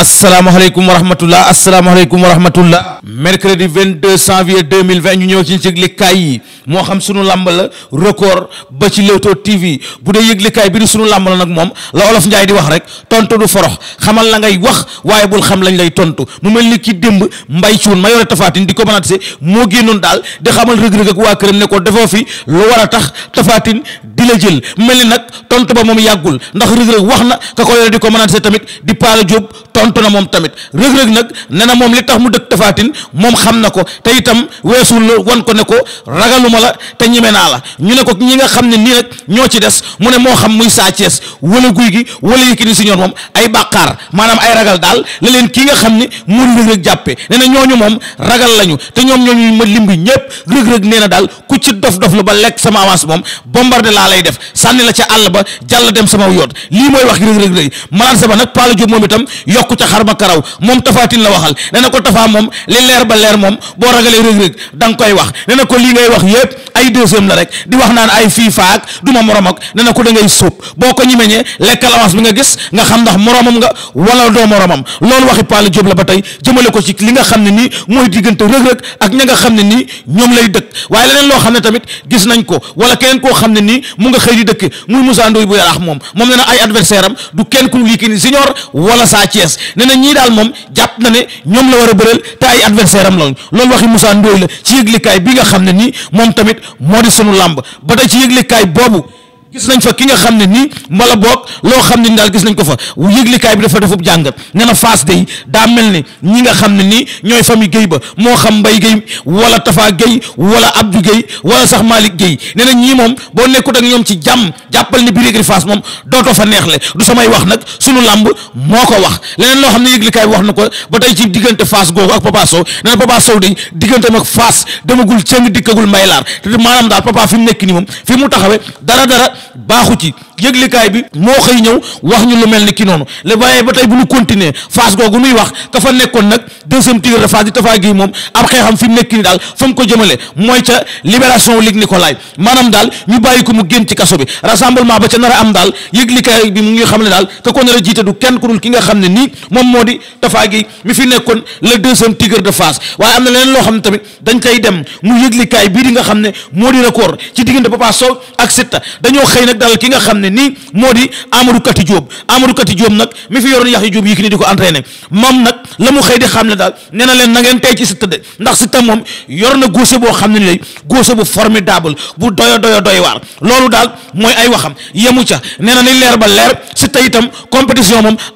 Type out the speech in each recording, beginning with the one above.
asalaamaaleykum wa rahmatullah asalaamaaleykum wa rahmatullah mercredi 22 janvier 2020 ñu ñëw ci yëglikaay yi moo xam sunu làmb la record ba ci Leewtoo TV bu dee kaay bi di sunu làmb la nag moom la olof Njaay di wax rek tontu du forox xamal la ngay wax waaye bul xam lañ lay tontu mu mel ni kii démb mbay cuun ma yore tafaatin di ko manaatise moo génnoon daal di xamal rëg-rëg ak waa këram ne ko defoo fi lu war a tax tafaatin di la jël mel ni nag tontu ba moom yàggul ndax rëg na ka ko yore ko manaatise tamit di paala jóob tontu na moom tamit rëg mu dëkk tafaatin moom xam na ko te itam weesul wan ko ne ko ragaluma la te ñime naa la ñu ne ko ñi nga xam ne nii ñoo ci des mu ne moo xam muy Sa Thiès wala guy gi wala Yékini Senior moom ay bàqaar maanaam ay ragal daal la leen kii nga xam ne mun rëg-rëg jàppe ne na ñooñu moom ragal lañu te ñoom ñooñu ma lim bi ñëpp rëg-rëg nee na daal ku ci dof dof lu ba lekk sama avance moom bombardé laa lay def sànni la ca àll ba jàll dem sama yoot lii mooy wax rëg-rëg malaan sa nag paala Jóob moom itam yokk yokku ca xarma karaw moom tafaatin la waxal nee na ko tafaa moom li leer ba leer moom boo ragalee rëg-rëg da nga koy wax ne na ko lii ngay wax yëpp ay deuxième la rek di wax naan ay fii faak du ma morom da ngay sóob nga gis doo moromam loolu waxi Palla Diop la ba tey jëmale ko ci li nga xam ne nii mooy diggante rëg-rëg ak ña nga xam ne nii ñoom lay dëkk waaye leneen loo xam ne tamit gis nañ ko wala keneen koo xam ne nii mu nga xëy di dëkk muy Moussa Ndoye bu ne na ñii daal moom jàpp na ne ñoom la war a bëreel te ay adversaire am lañ loolu waxi Moussa Ndoye la ci yëglikaay bi nga xam ne nii moom tamit moo di sunu làmb ba tey ci yëglikaay boobu gis nañ fa ki nga xam ne nii mbala boog loo xam ne ni daal gis nañ ko fa yëglikaay bi dafa defub jàngat ne na Fass day daa mel ne ñi nga xam ne nii ñooy famille Guèye ba moo xam mbay Guèye wala Tafa Guèye wala Abdou Guèye wala sax Malick Guèye nee na ñii moom boo nekkut ak ñoom ci jàmm jàppal ne bi écurie Fass moom dootoo fa neexle du samay wax nag sunu làmb moo ko wax leneen loo xam ne yëglikaay bi wax na ko ba tey ci diggante Fass googu ak Papa Sow nee na Papa Sow day diggante mag Fass demagul cëng dikkagul Mbaylaar te maanaam mu nekk nii moom fi mu taxawe baaxu ci yëglikaay bi moo xëy ñëw wax ñu lu mel ni ki noonu le waaye ba tey bu ñu continuer phase googu muy wax ka fa nekkoon nag deuxième tigre de phase di Tapha Guèye moom ab xeexam fi mu nekk ni daal fa ko jëmale mooy ca libération Luc Nicolaï maanaam daal ñu bàyyi ko mu génn ci kaso bi rassemblement ba ca nar a am daal yëglikaay bi mu ngi xam ne daal ka ko nar a jiite du kenn ku dul ki nga xam ne nii moom moo di Tapha Guèye mi fi nekkoon le deuxième tigre de phase waaye na leneen loo xam ne tamit dañ koy dem xam ne moo di record ci diggante Papa Sow ak Siteu dañoo xëy ne nii moo di Amadou Kati Diop Amadou Kati Diop nag mi fi yoroon Yaxya Diop Yékini di ko entraîné moom nag la mu xëy di xam ne daal nee na leen na ngeen tey ci Siteu de ndax Siteu moom yor na gauche boo xam ne ni lay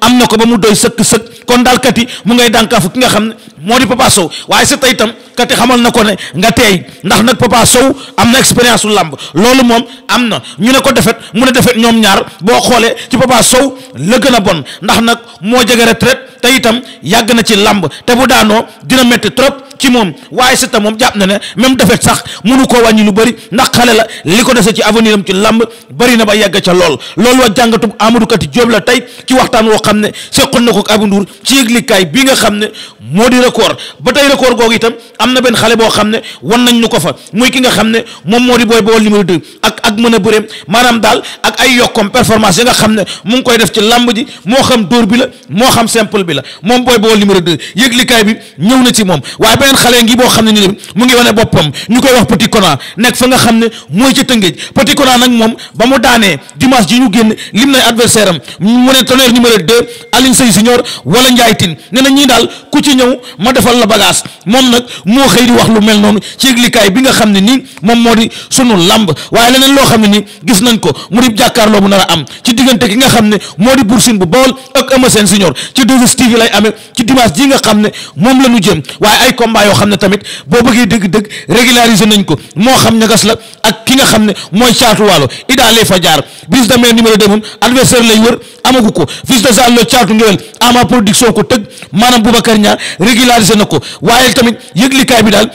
am na ko ba mu doy sëkk sëkk kon daal kat yi mu ngay dànkaafu ki nga xam ne moo di Papa Sow waaye Siteu itam kat yi xamal na ko ne nga tey ndax nag Papa Sow am na expérience su làmb loolu moom am na ñu ne ko defet mu ne defet ñoom ñaar boo xoolee ci Papa Sow la gën a bon ndax nag moo jege retraite tey itam yàgg na ci làmb te bu daanoo dina métti trop ci moom waaye Siteu moom jàpp na ne même defet sax mënu koo wàññi lu bëri ndax xale la li ko defee ci avenir am ci làmb bëri na ba yegg ca lool loolu wa jàngatub Amadou Kati Diop la tey ci waxtaan woo xam ne seqoon na ko ak Abou ci yëglikaay bii nga xam ne moo di record ba tey record googu itam am na benn xale boo xam ne wan nañ ñu ko fa muy ki nga xam ne moom moo di booy bool numéro 2 ak ak mën a bëreem maanaam daal ay yokkom performance yi nga xam ne mu ngi koy def ci làmb ji moo xam dóor bi la moo xam simple bi la moom booy bool numéro deux yëglikaay bi ñëw na ci moom waaye beneen xale ngi boo xam ne ba ma defal la bagage moom lu mel noonu bi nga xam ne nii moom moo di sunu làmb waaye leneen loo xam ne nii gis nañ ko mu di jàkka jàkkaarloo bu nar a am ci diggante ki nga xam ne moo di Bour Sine bu Bawol ak Eumeu Sène Junior ci 2STV lay amee ci dimanche ji nga xam ne moom la ñu jëm waaye ay combat yoo xam ne tamit boo bëggee dëgg-dëgg régulariser nañ ko moo xam ñagas la ak ki nga xam ne mooy caatu waalo Ida fa jaar brise de mer numéro 2 moom lay wër amagu ko fils de Zale Lo caatu ngewel ama production ko tëgg maanaam Boubacar Niang régulariser na ko waaye tamit yëglikaay bi daal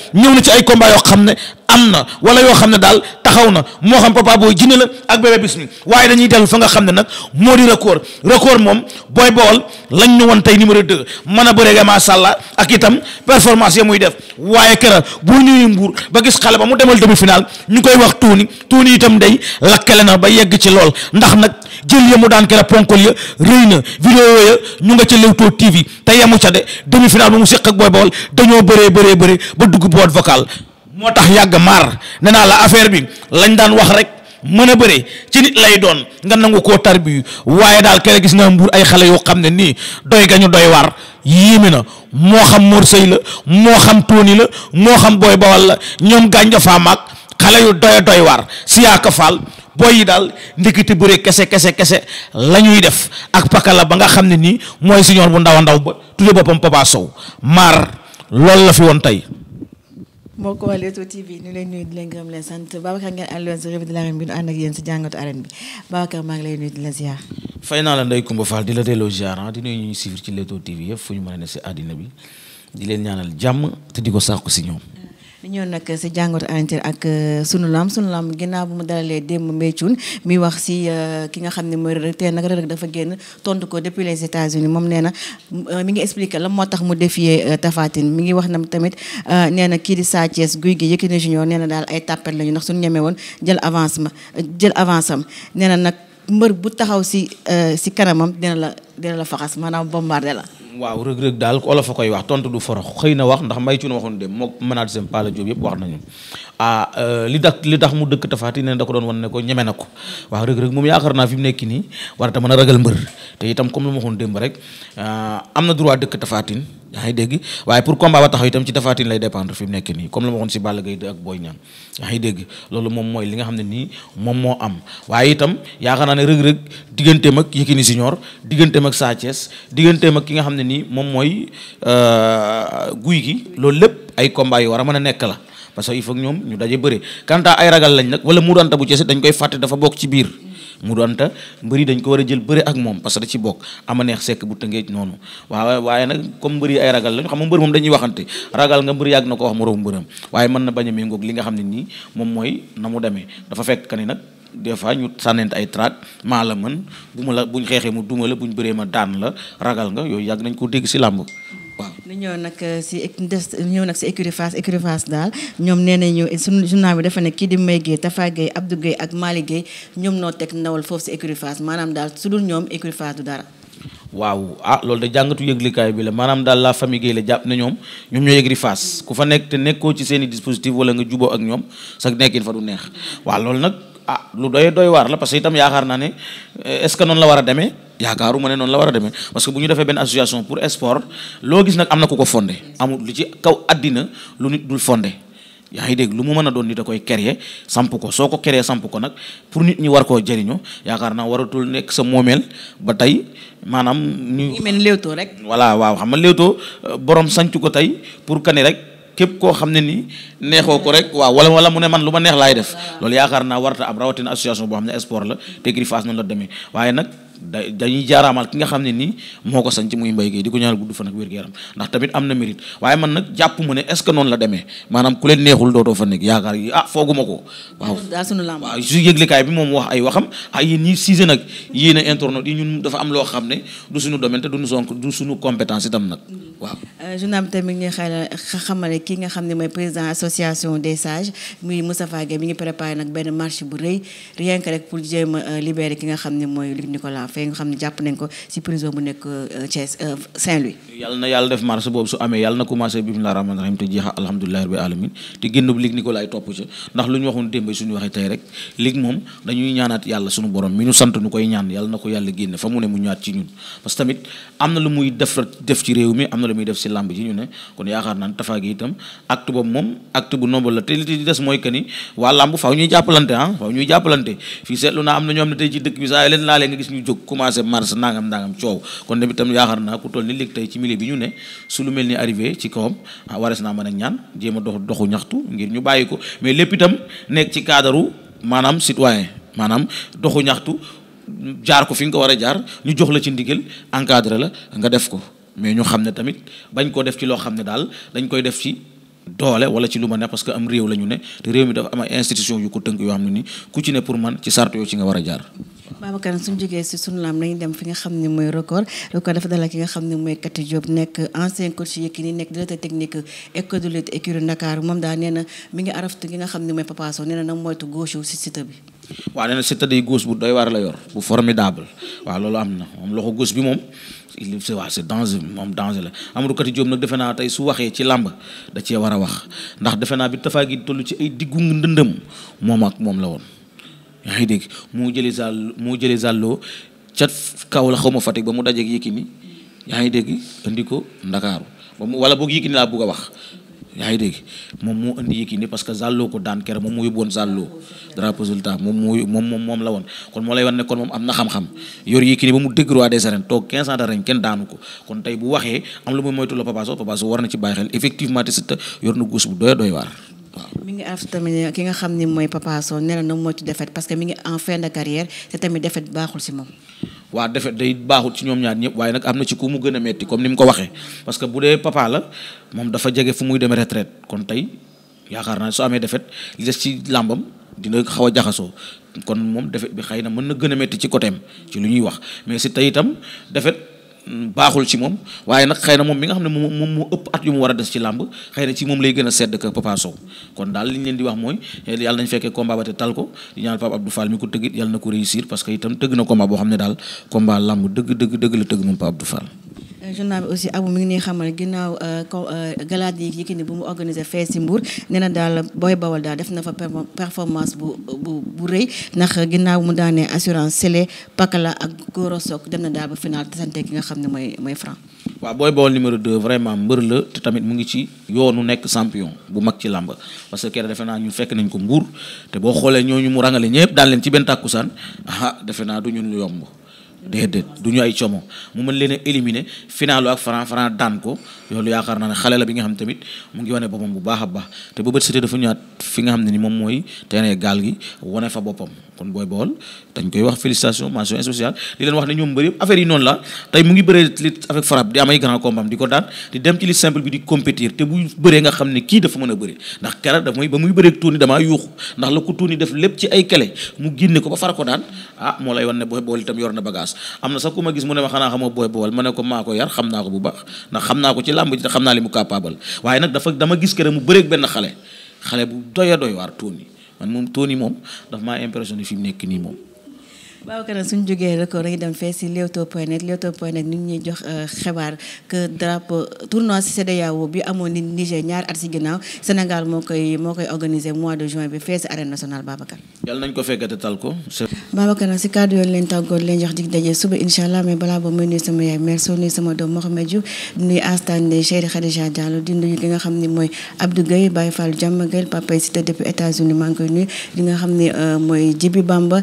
am na wala yoo xam ne daal taxaw na moo xam papa booy jinne la ak bébé bis mi waaye dañuy dellu fa nga xam ne nag moo di record record moom booy bool lañ ñu woon tey numéro deux mën a bëreega macha allah ak itam performance ya def waaye kera boo ñëwee mbuur ba gis xale ba mu demal demi final ñu koy wax tuuni tuuni itam day lakkale na ba yegg ci lool ndax nag jël ya mu daan kera ponkol ya rëy na vidéo ya ñu nga ca Leewtoo TV te yemu ca de demi final ba mu séq ak booy ba dugg boîte vocale moo tax yàgg maar nee naa la affaire bi lañ daan wax rek mën a bëre ci nit lay doon nga nangu koo tarbi waaye daal kere gis nga mbuur ay xale yoo xam ne nii doy gañu doy waar yéeme na moo xam Mor Sëy la moo xam Tony la moo xam Boy Bawal la ñoom gaañ dafaa maag xale yu doy doy waar siyaaka faal boy yi daal ndikiti bëre kese kese kese la ñuy def ak pakala ba nga xam ne nii mooy siñoor bu ndaw ndaw ba tudde boppam Papa Sow maar loolu la fi woon tey mbokk waa Leewtoo TV ñu lay nuyu di leen gërëm leen sant Babacar ngeen àndoon si revue de l'arène bi ñu ànd ak yéen si jàngatu arène bi Babacar maa ngi lay nuyu di la ziar. fay naa la Ndeye Coumba Fall di la delloo ziar ah di nuyu ñuy ci Leewtoo TV yëpp fu ñu mën si àddina bi di leen ñaanal jàmm te di ko sàkku si ñoom. ñëw nag si jàngatu alintir ak euh, sunu lam sunu lam ginnaaw bu mu dalalee démb mbéycuun mi wax si euh, ki nga xam ne mooy rëg tey nag rëg dafa génn tontu ko depuis les États-Unis moom nee na euh, ngi expliqué la moo tax mu défier Tapha Tine mi ngi wax na tamit nee na kii di Sa Thiès Gouye Gui Yékini Junior nee na daal ay tàppet lañu ndax suñu ñemee woon jël avance ma jël avance am nee na nag mbër bu taxaw si si kanamam dina la dina la faxas a bombardé la. waaw rëg-rëg daal olof a koy wax tontu du forox xëy na wax ndax may ci nu waxoon dem mook mënaat seen Pala Diop yëpp wax nañu ah euh, li tax li tax mu dëkk tafaati ne da ko doon wan ne ko ñeme na ko waaw moom a ah, na droit dëkk tafaatin yaa ma waxoon moo am waaye itam yaakaar rëg-rëg digganteem ak Yékini Senior digganteem digganteem ak Sa Thiès digganteem ak ki nga xam ne nii moom mooy euh, guy gi loolu lépp ay combat yu war a mën a nekk la parce que il faut ñoom ñu daje bëre kanta ay ragal lañ nag wala Modou Anta bu Thiès dañ koy fàtte dafa bokk ci biir Modou Anta war a jël bëre ak moom parce que da ci bokk ama neex sekk bu tëngeej noonu waaw waaye nag comme mbëri ay ragal lañ xam nga mbër moom dañuy waxante ragal nga mbër yàgg na ko wax moroom mbëram waaye mën na bañ a méngoog li nga xam ne nii moom mooy na mu demee dafa fekk ka ni nag des fois ñu sànnent ay traat maa la mën bu ma la buñ xeexee mu duma la buñ bëree ma daan la ragal nga yooyu yàgg nañ koo dégg si làmb waaw ñu ñëw si des ñëw nag si écurie Fass écurie Fass ñoom nee nañu sunu journal bi dafa ne di Mbaye Guèye Tafa Guèye Abdou Guèye ak Mali Guèye noo teg ndawal foofu si écurie maanaam daal su dul ñoom écurie du dara waaw ah loolu de jàngatu yëglikaay bi la maanaam daal la famille Guèye la jàpp ne ñoom ñoom ñoo yëgri ku fa nekk te nekkoo ci seen i dispositif wala nga juboo ak ñoom sax nekkin fa du neex waa loolu nag ah lu doy doy waar la parce que itam yaakaar naa ne eh, est-ce que noonu la war a deme yaakaaru ma ne noonu la war a demee parce que bu ñu defee benn association pour sport loo gis nag am na ku ko fondé amul lu ci kaw àddina lu nit dul fondé yaa ngi dégg lu mu mën a doon nit a koy créer samp ko soo ko créer samp ko nag pour nit ñi war koo jëriñoo yaakaar naa waratul nekk sa moomeel ba tey maanaam. ñu mel Leewtoo rek. voilà waaw xam nga Leewtoo eh, boroom sanc ko tey pour que ne rek. képp koo xam ne ni neexoo ko rek waaw wala wala mu ne man lu ma neex laay def loolu yaakaar naa warta am rawatina association boo xam ne sport la te Grifaas noonu la demee waaye nag da dañuy jaaraamaal ki nga xam ne nii moo ko sanc muy mbéy gi di ko ñaanal gudd fan ak wér-gu-yaram ndax tamit am na mérite waaye man nag jàpp ne est ce que noonu la demee maanaam ku leen neexul dootoo fa nekk yaakaar yi ah fooguma ko waaw waaw ah, a internautes loo xam ne du suñu domaine te duñu sonk du suñu compétence itam nag mm-hmm. waaw euh, journal bi tamit ñuy xayla xamale ki nga xam ne mooy président association des muy Moustapha Gueye mi ngi préparé nag benn marche bu rëy rien rek pour a euh, libérer événement fee nga xam ne jàpp nañ ko si prison bu nekk euh, Thiès euh, Saint-Louis. yàlla na yàlla def marche boobu su amee yàlla na commencé bismillah rahmaani rahim te jeexa alhamdulilah rabbil alamin te génn bu lig ni ko laay topp ci ndax lu ñu waxoon démb suñu waxee tey rek lig moom dañuy ñaanaat yàlla suñu borom mi ñu sant ñu koy ñaan yàlla na ko yàlla génn fa mu ne mu ñaat ci ñun parce tamit am na lu muy def def ci réew mi am na lu muy def si làmb ci ah, ñu jóg commencé mars nangam nangam coow kon tamit tam yaakaar naa ku toll ni léegi tey ci milieu bi ñu ne su lu mel ni arrivé ci kawam ah wares naa mën a ñaan jéem a dox doxu ñaxtu ngir ñu bàyyi ko mais lépp itam nekk ci kaadaru maanaam citoyen maanaam doxu ñaxtu jaar ko fi nga ko war a jaar ñu jox la ci ndigal encadré la nga def ko mais ñu xam ne tamit bañ koo def ci loo xam ne daal dañ koy def ci doole wala ci lu ma ne parce que am réew la ñu ne te réew mi dafa am ay ko tënk yoo xam ne ni ku ci man ci sart ci nga war a jaar Babacar suñu jógee si sunu laam nañu dem fi nga xam ne mooy record record dafa dalal ki nga xam ne mooy Kati Diop nekk ancien coach Yékini nekk technique école de lutte moom daal nee na mi ngi araftu ki nga xam ne mooy Papa Sow na moytu gauche si site bi. waaw nee na site gauche bu doy waar la yor bu formidable waaw loolu am na moom loxo gauche bi moom c'est waaw c'est danger moom danger la Amadou Kati Diop nag defe naa tey su waxee ci làmb da cee a wax ndax defe naa bi tafaa gi toll ci ay diggu moom la woon. yaa ngi dégg moo jëlee Zall moo jëlee Zalloo ca kaw la xaw ma Fatick ba mu dajeeg Yékini yaa ngi dégg indi ko Ndakaaru ba mu wala laa bëgg a wax yaa ngi dégg moom moo indi Yékini parce que Zalloo ko daan kere moom moo yóbbu woon Zalloo drapeau moom moom la woon kon moo lay wan ne kon moom am na xam-xam yor Yékini ba mu dégg roi des arènes toog 15 ans de règne kenn daanu ko kon tey bu waxee am lu muy moytu la Papa Sow war na ci bàyyi xel effectivement te Siteu yor na guus bu mi ngi af tamit ki nga xam ni mooy Papa Sow nee na moo ci defet parce que mi ngi en fin de carrière te tamit defet baaxul si moom. waa defet day baaxul ci ñoom ñaar ñëpp waaye nag am na ci ku mu gën a metti comme ni mu ko waxee parce que bu dee papa la moom dafa jege fu muy demee retraite kon tey yaakaar naa su amee defet li des ci làmbam dina xaw a jaxasoo kon moom defet bi xëy na mën na gën a metti ci côté am ci lu ñuy wax mais si tey itam baaxul ci moom waaye nag xëy na moom mi nga xam ne moom moom moo ëpp at yu mu war a des ci làmb xëy na ci moom lay gën a sedd que Papa Sow kon daal li ñu leen di wax mooy yàlla nañ fekkee combat ba te tal ko di ñaanal Pape Abdou Fall mi ko tëggit yàlla na ko réussir parce que itam tëgg na combat boo xam ne daal combat làmb dëgg dëgg dëgg la tëgg moom Pape Abdou Fall Euh, journal bi aussi abu mu ngi ñuy xamal ginnaaw euh, euh, galaat yi Yékini bu mu organisé fee si mbuur nee na daal booy bawal daal def na fa performance bu bu bu rëy ndax ginnaaw mu daanee assurance Sélé la ak Goro Sok dem na daal ba final tasante ki nga xam ne mooy mooy franc waaw booy bawal numéro 2 vraiment mbër la te tamit mu ngi ci yoonu nekk champion bu mag ci làmb parce que kere defe naa ñu fekk nañ ko mbuur te boo xoolee ñooñu mu rangale ñëpp daal leen ci benn tàkkusaan ah defe naa du ñun lu yomb déedéet du ñu ay como mu mën leen a finaa finalu ak Franc Franc daan ko loolu yaakaar naa ne xale la bi nga xam tamit mu ngi wane boppam bu baax a baax te Bébé Siteu dafa ñëwaat fi nga xam ne ni moom mooy terrain gaal gi wane fa boppam kon booy bool dañ koy wax félicitation mention spéciale li leen wax ne ñoom mbëri yëpp affaire yi noonu la tey mu ngi bëree lutte avec frappe di ko daan di dem ci lutte simple bi di compétir te bu bëree nga xam a bëri ndax kera mooy ba muy bëree tuuni damaa yuuxu ndax la ko tuuni def lépp ci ay kele mu génne ko ba far ko daan ah moo lay wan ne booy bool itam yor na bagage am na sax ku ma gis mu ne ma xanaa xamoo booy bool ma ne ko maa ko yar xam naa ko bu baax ndax xam naa ko ci làmb ji te xam naa li mu capable waaye nag dafa dama gis kera xale bu doy a doy waar Tony man moom Tony moom daf ma impressionné fi mu nekk nii moom. waaw kana suñ jógee record dañuy dem fee si Leewtoo point net Leewtoo point net ni ñuy jox euh, xibaar que drapeau tournoi CEDEAO bi amoon ni Niger ñaar at si ginnaaw Sénégal moo koy moo koy organisé mois de juin bi fee si arène nationale Babacar. yàlla nañ ko fekkate tal ko. Babacar nag si kàddu yoon leen tàggoon leen jox dig daje suba incha allah mais balaa boobu may nuyu sama yaay merci nuyu sama doom Mouhamed Diouf nuyu Astane Cheikh ki nga xam ne mooy Abdou Gueye Baye Fall Diamma Gueye li nga xam ne euh, mooy Djibi Bamba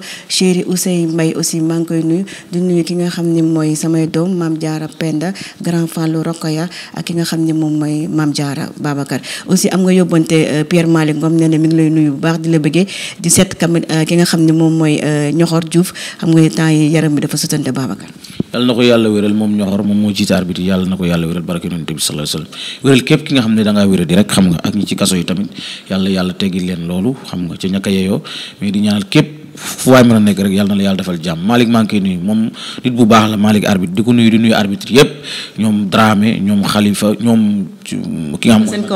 Mbaye aussi maa ngi koy nuyu di nuyu ki nga xam ne mooy samay doom maam jaara Penda grand Fallou Rokhaya ak ki nga xam ne moom mooy maam Diarra Babacar. aussi am nga yóbbante euh, Pierre bu baax di la bëggee di seet kam euh, ki nga xam ne moom mooy Ñoxor euh, Diouf xam nga temps yi yaram bi dafa sutante Babacar. yàlla na ko yàlla wéral moom Ñoxor moom moo jiitaar bi yàlla na ko yàlla wéral barke yonent bi sallallahu alayhi wasallam wéral képp ki nga xam ne da ngaa wéra di rek xam nga ak ñi ci kaso yi tamit yàlla yàlla teggi leen loolu xam nga ci ñaka yeyoo mais di ñaanal képp fu waay mën a nekk rek yàlla na la yàlla defal jàmm Malick maa nuyu moom nit bu baax la Malick arbitre di ko nuyu di nuyu arbitre yëpp ñoom Dramé ñoom Khalifa ñoom. ki nga xam a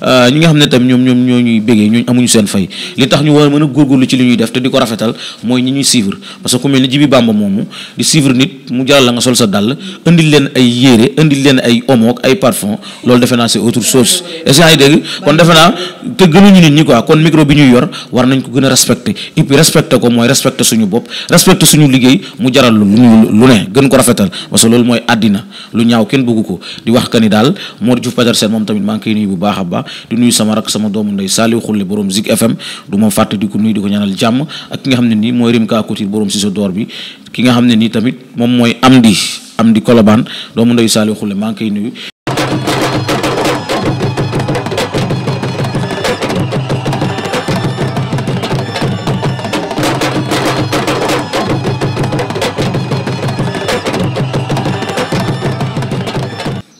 euh, ne tam ñoom ñoom ñoo ñuy bégee ñooñu amuñu seen fay li tax ñu war a mën a góorgóorlu ci li ñuy def te di ko rafetal mooy ñi ñuy suivre parce ku mel ni Jibi Bamba moomu di suivre nit mu jaral la nga sol sa dàll indil leen ay yére indil leen ay omo ay parfum loolu defe naa autre chose est-ce que dégg kon defe naa te gënuñu nit ñi quoi kon micro bi ñuy yor war nañ ko gën a respecté et puis respecté ko mooy respecté suñu bopp respecté suñu liggéey mu jaral lu lu ne gën ko rafetal parce que loolu mooy àddina lu ñaaw kenn bëggu ko di wax ka ni daal Modou Diouf Petersen moom tamit maa ngi koy nuyu bu baax a baax di nuyu sama rak sama doomu ndey Saliou Khoule borom Zik FM ma fàtte di bi ki nga xam ne nii tamit moom mooy Amdi Amdi Kolobaan doomu ndey Saliou Khoule maa ngi koy nuyu